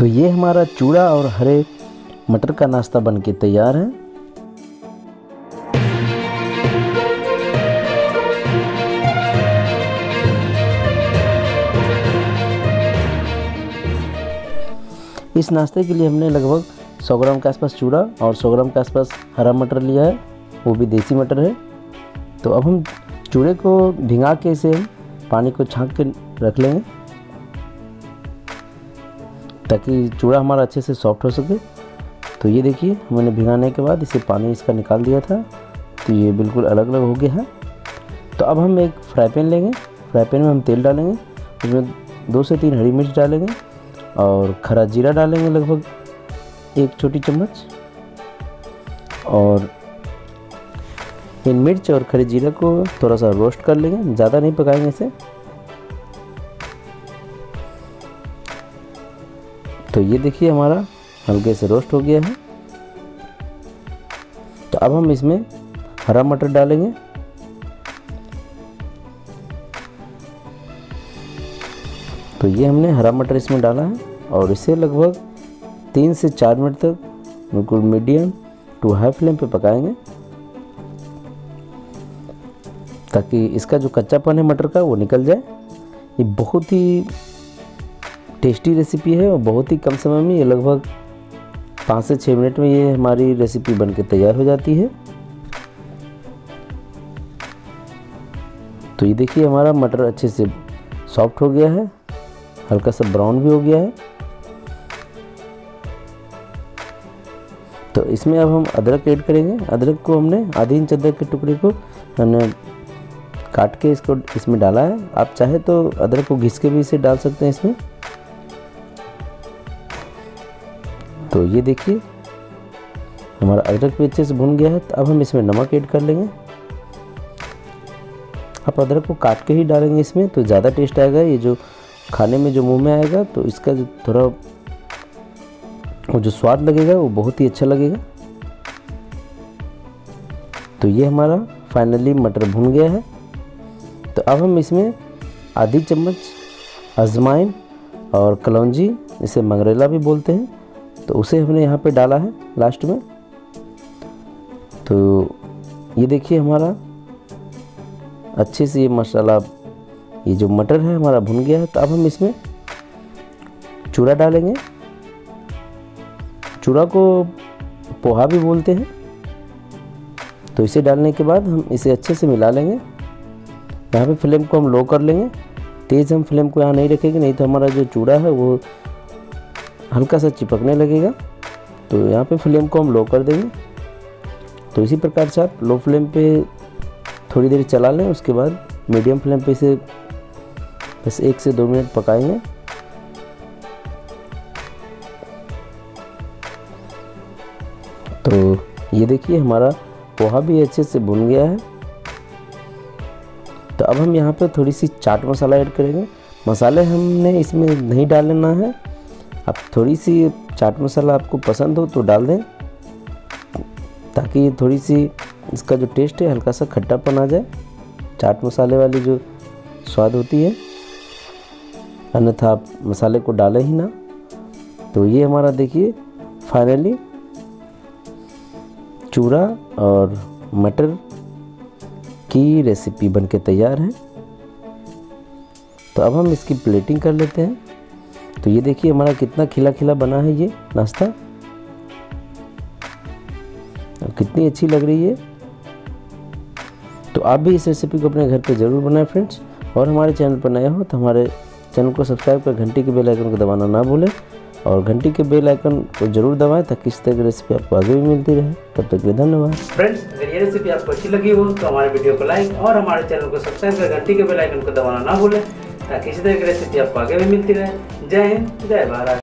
तो ये हमारा चूड़ा और हरे मटर का नाश्ता बनके तैयार है इस नाश्ते के लिए हमने लगभग 100 ग्राम के आसपास चूड़ा और 100 ग्राम के आसपास हरा मटर लिया है वो भी देसी मटर है तो अब हम चूड़े को भिंगा के इसे पानी को छाँक के रख लेंगे ताकि चूड़ा हमारा अच्छे से सॉफ्ट हो सके तो ये देखिए मैंने भिगाने के बाद इसे पानी इसका निकाल दिया था तो ये बिल्कुल अलग अलग हो गया है तो अब हम एक फ्राई पैन लेंगे फ्राई पैन में हम तेल डालेंगे उसमें दो से तीन हरी मिर्च डालेंगे और खरा जीरा डालेंगे लगभग एक छोटी चम्मच और इन मिर्च और खरी जीरा को थोड़ा सा रोस्ट कर लेंगे ज़्यादा नहीं पकाएंगे इसे तो ये देखिए हमारा हल्के से रोस्ट हो गया है तो अब हम इसमें हरा मटर डालेंगे तो ये हमने हरा मटर इसमें डाला है और इसे लगभग तीन से चार मिनट तक बिल्कुल मीडियम टू हाई फ्लेम पे पकाएंगे ताकि इसका जो कच्चापन है मटर का वो निकल जाए ये बहुत ही टेस्टी रेसिपी है और बहुत ही कम समय में ये लगभग पाँच से छः मिनट में ये हमारी रेसिपी बन के तैयार हो जाती है तो ये देखिए हमारा मटर अच्छे से सॉफ्ट हो गया है हल्का सा ब्राउन भी हो गया है तो इसमें अब हम अदरक ऐड करेंगे अदरक को हमने आधी इंच अदरक के टुकड़े को हमने काट के इसको इसमें डाला है आप चाहे तो अदरक को घिस के भी इसे डाल सकते हैं इसमें तो ये देखिए हमारा अदरक भी अच्छे से भुन गया है तो अब हम इसमें नमक ऐड कर लेंगे आप अदरक को काट के ही डालेंगे इसमें तो ज़्यादा टेस्ट आएगा ये जो खाने में जो मुंह में आएगा तो इसका जो थोड़ा वो जो स्वाद लगेगा वो बहुत ही अच्छा लगेगा तो ये हमारा फाइनली मटर भुन गया है तो अब हम इसमें आधी चम्मच अजमाइन और कलौजी इसे मंगरेला भी बोलते हैं तो उसे हमने यहाँ पे डाला है लास्ट में तो ये देखिए हमारा अच्छे से ये मसाला ये जो मटर है हमारा भुन गया है तो अब हम इसमें चूड़ा डालेंगे चूड़ा को पोहा भी बोलते हैं तो इसे डालने के बाद हम इसे अच्छे से मिला लेंगे यहाँ पे फ्लेम को हम लो कर लेंगे तेज़ हम फ्लेम को यहाँ नहीं रखेंगे नहीं तो हमारा जो चूड़ा है वो हल्का सा चिपकने लगेगा तो यहाँ पे फ्लेम को हम लो कर देंगे तो इसी प्रकार से आप लो फ्लेम पे थोड़ी देर चला लें उसके बाद मीडियम फ्लेम पे इसे बस एक से दो मिनट पकाएंगे तो ये देखिए हमारा पोहा भी अच्छे से भुन गया है तो अब हम यहाँ पे थोड़ी सी चाट मसाला ऐड करेंगे मसाले हमने इसमें नहीं डालना है आप थोड़ी सी चाट मसाला आपको पसंद हो तो डाल दें ताकि थोड़ी सी इसका जो टेस्ट है हल्का सा खट्टापन आ जाए चाट मसाले वाली जो स्वाद होती है अन्यथा आप मसाले को डालें ही ना तो ये हमारा देखिए फाइनली चूरा और मटर की रेसिपी बनके तैयार है तो अब हम इसकी प्लेटिंग कर लेते हैं तो ये देखिए हमारा कितना खिला खिला बना है ये नाश्ता और कितनी अच्छी लग रही है तो आप भी इस रेसिपी को अपने घर पे ज़रूर बनाएं फ्रेंड्स और हमारे चैनल पर नए हो तो हमारे चैनल को सब्सक्राइब कर घंटी के बेल आइकन को दबाना ना भूलें और घंटी के बेल आइकन को जरूर दबाएं ताकि इस तरह की रेसिपी आपको आगे भी मिलती रहे तब तक के धन्यवाद फ्रेंड्स अगर ये रेसिपी आपको अच्छी लगी हो तो हमारे वीडियो को लाइक और हमारे चैनल को सब्सक्राइब कर घंटी के बेल आइकन को दबाना ना भूलें ताकि इसी तरह की रेसिपी आपको आगे भी मिलती रहे जय हिंद जय भारत